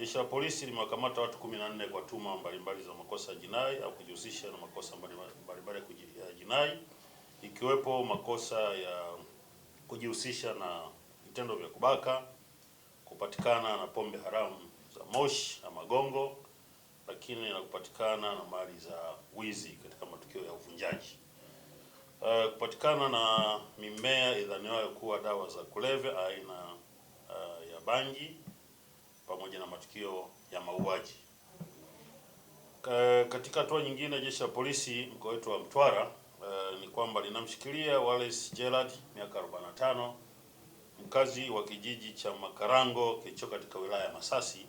Jeshi la polisi limewakamata watu 14 kwa tuma mbalimbali za makosa ya jinai au kujihusisha na makosa mbalimbali ya jinai ikiwepo makosa ya kujihusisha na vitendo vya kubaka, kupatikana na pombe haramu za moshi na magongo, lakini na kupatikana na mali za wizi katika matukio ya uvunjaji, uh, kupatikana na mimea idhaniwayo kuwa dawa za kulevya aina uh, ya bangi pamoja na matukio ya mauaji. Katika hatua nyingine, jeshi la polisi mkoa wetu wa Mtwara e, ni kwamba linamshikilia Wallace Gerald miaka 45 mkazi wa kijiji cha Makarango kilicho katika wilaya ya Masasi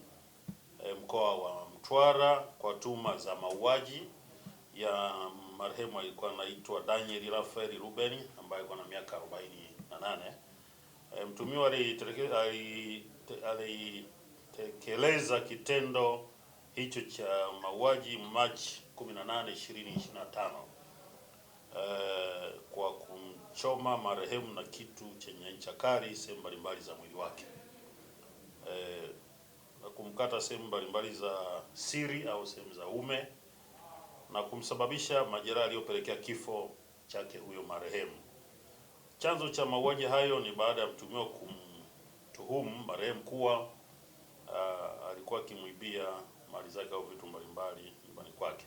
e, mkoa wa Mtwara kwa tuma za mauaji ya marehemu alikuwa anaitwa Daniel Rafael Ruben ambaye alikuwa na miaka 48. E, mtumiwa ali kutekeleza kitendo hicho cha mauaji Machi 18, 2025 kwa kumchoma marehemu na kitu chenye ncha kali sehemu mbalimbali za mwili wake e, na kumkata sehemu mbalimbali za siri au sehemu za ume na kumsababisha majeraha aliyopelekea kifo chake huyo marehemu. Chanzo cha mauaji hayo ni baada ya mtuhumiwa kumtuhumu marehemu kuwa uh, alikuwa akimwibia mali zake au vitu mbalimbali nyumbani kwake.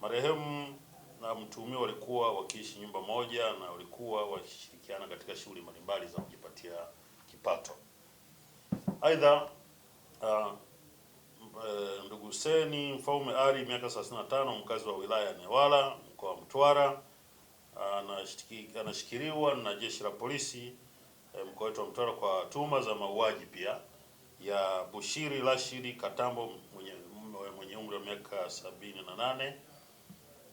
Marehemu na mtuhumiwa walikuwa wakiishi nyumba moja na walikuwa wakishirikiana katika shughuli mbalimbali za kujipatia kipato. Aidha, uh, ndugu Huseni Mfaume Ali miaka 35 mkazi wa wilaya ya Newala mkoa wa Mtwara anashikiliwa na jeshi la polisi eh, mkoa wetu wa Mtwara kwa tuhuma za mauaji pia ya Bushiri Rashidi Katambo mwenye, mwenye umri wa miaka sabini na nane.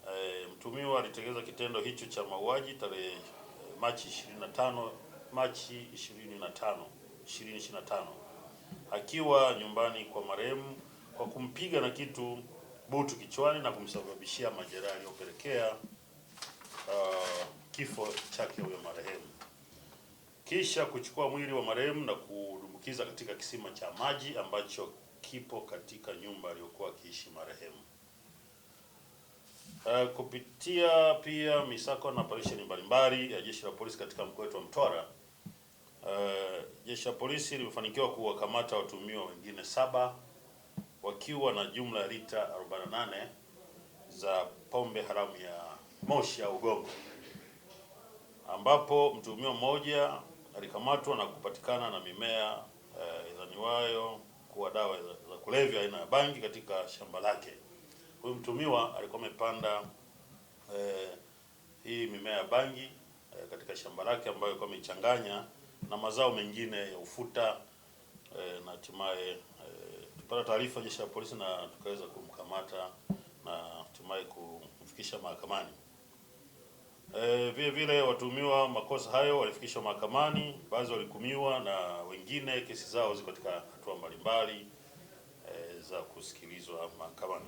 E, mtumiwa alitekeleza kitendo hicho cha mauaji tarehe eh, Machi 25 Machi 25 2025 akiwa nyumbani kwa marehemu kwa kumpiga na kitu butu kichwani na kumsababishia majeraha yaliyopelekea uh, kifo chake huyo marehemu kisha kuchukua mwili wa marehemu na kudumbukiza katika kisima cha maji ambacho kipo katika nyumba aliyokuwa akiishi marehemu. Uh, kupitia pia misako na operesheni mbalimbali ya jeshi la polisi katika mkoa wetu wa Mtwara, uh, jeshi la polisi limefanikiwa kuwakamata watuhumiwa wengine saba wakiwa na jumla ya lita 48 za pombe haramu ya moshi au gongo ambapo mtuhumiwa mmoja alikamatwa na kupatikana na mimea eh, idhaniwayo kuwa dawa za kulevya aina ya bangi katika shamba lake. Huyu mtumiwa alikuwa amepanda eh, hii mimea ya bangi eh, katika shamba lake ambayo alikuwa amechanganya na mazao mengine ya ufuta eh, na hatimaye eh, tupata taarifa jeshi la polisi na tukaweza kumkamata na hatimaye kumfikisha mahakamani. Eh, vile vile watuhumiwa makosa hayo walifikishwa mahakamani, baadhi walihukumiwa na wengine kesi zao ziko katika hatua mbalimbali e, za kusikilizwa mahakamani.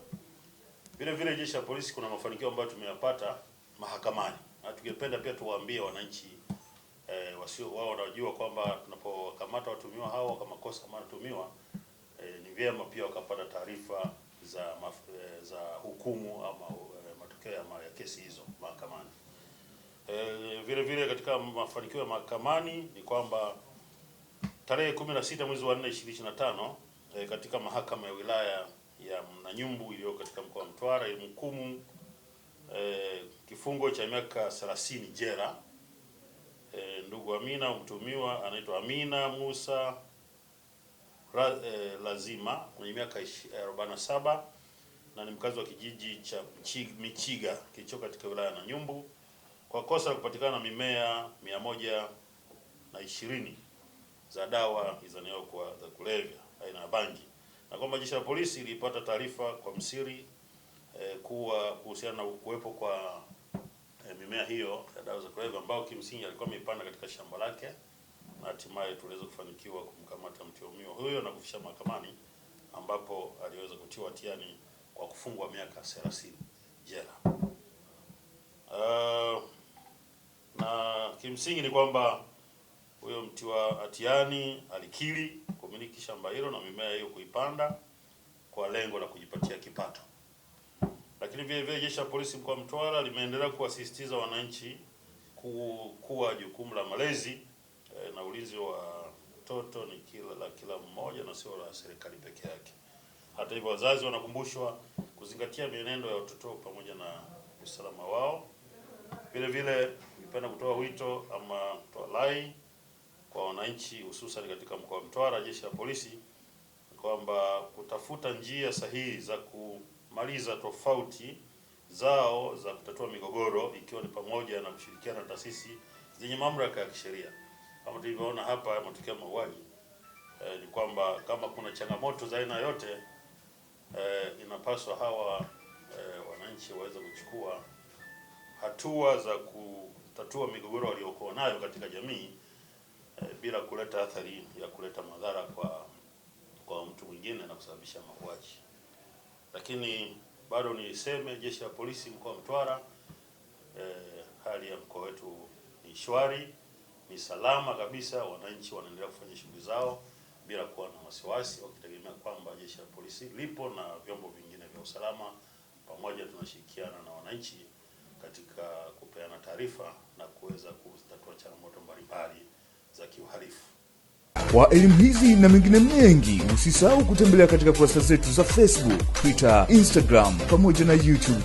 Vile vile jeshi la polisi, kuna mafanikio ambayo tumeyapata mahakamani, na tungependa pia tuwaambie wananchi e, eh, wasio wao wanajua kwamba tunapowakamata watuhumiwa hao kwa makosa ambayo wanatuhumiwa e, ni vyema pia wakapata taarifa za, za hukumu ama matokeo ya kesi hizo mahakamani. E, vile vile katika mafanikio ya mahakamani ni kwamba tarehe 16 mwezi wa 4 2025, e, katika mahakama ya wilaya ya Mnanyumbu iliyo katika mkoa wa Mtwara ilimhukumu e, eh, kifungo cha miaka 30 jela e, ndugu Amina, mtumiwa anaitwa Amina Musa ra, e, Lazima mwenye miaka 47 na ni mkazi wa kijiji cha Michiga kilicho katika wilaya ya Nanyumbu kwa kosa la kupatikana mimea mia moja na ishirini za dawa izaniao kwa za kulevya aina ya bangi, na kwamba jeshi la polisi lilipata taarifa kwa msiri eh, kuwa kuhusiana na kuwepo kwa eh, mimea hiyo ya dawa za kulevya ambayo kimsingi alikuwa ameipanda katika shamba lake, na hatimaye tuliweza kufanikiwa kumkamata mtuhumiwa huyo na kufikisha mahakamani ambapo aliweza kutiwa hatiani kwa kufungwa miaka 30 jela. Uh, na kimsingi ni kwamba huyo mti wa atiani alikiri kumiliki shamba hilo na mimea hiyo kuipanda kwa lengo la kujipatia kipato. Lakini vile vile jeshi la polisi mkoa wa Mtwara limeendelea kuwasisitiza wananchi kuwa jukumu la malezi eh, na ulinzi wa mtoto ni kila la kila mmoja na sio la serikali peke yake. Hata hivyo, wazazi wanakumbushwa kuzingatia mienendo ya watoto pamoja na usalama wao vile vile Napenda kutoa wito ama kutoa lai kwa wananchi, hususan katika mkoa wa Mtwara, jeshi la polisi kwamba kutafuta njia sahihi za kumaliza tofauti zao za kutatua migogoro, ikiwa ni pamoja na kushirikiana na taasisi zenye mamlaka ya kisheria. Kama tulivyoona hapa matukio ya mauaji e, ni kwamba kama kuna changamoto za aina yote e, inapaswa hawa e, wananchi waweze kuchukua hatua za ku kutatua migogoro waliokuwa nayo katika jamii e, bila kuleta athari ya kuleta madhara kwa kwa mtu mwingine na kusababisha mauaji. Lakini bado niiseme jeshi la polisi mkoa wa Mtwara e, hali ya mkoa wetu ni shwari, ni salama kabisa. Wananchi wanaendelea kufanya shughuli zao bila kuwa na wasiwasi, wakitegemea kwamba jeshi la polisi lipo na vyombo vingine vya usalama. Pamoja tunashirikiana na wananchi katika kupeana taarifa na kuweza kutatua changamoto mbalimbali za kiuhalifu. Kwa elimu hizi na mengine mengi, usisahau kutembelea katika kurasa zetu za Facebook, Twitter, Instagram pamoja na YouTube.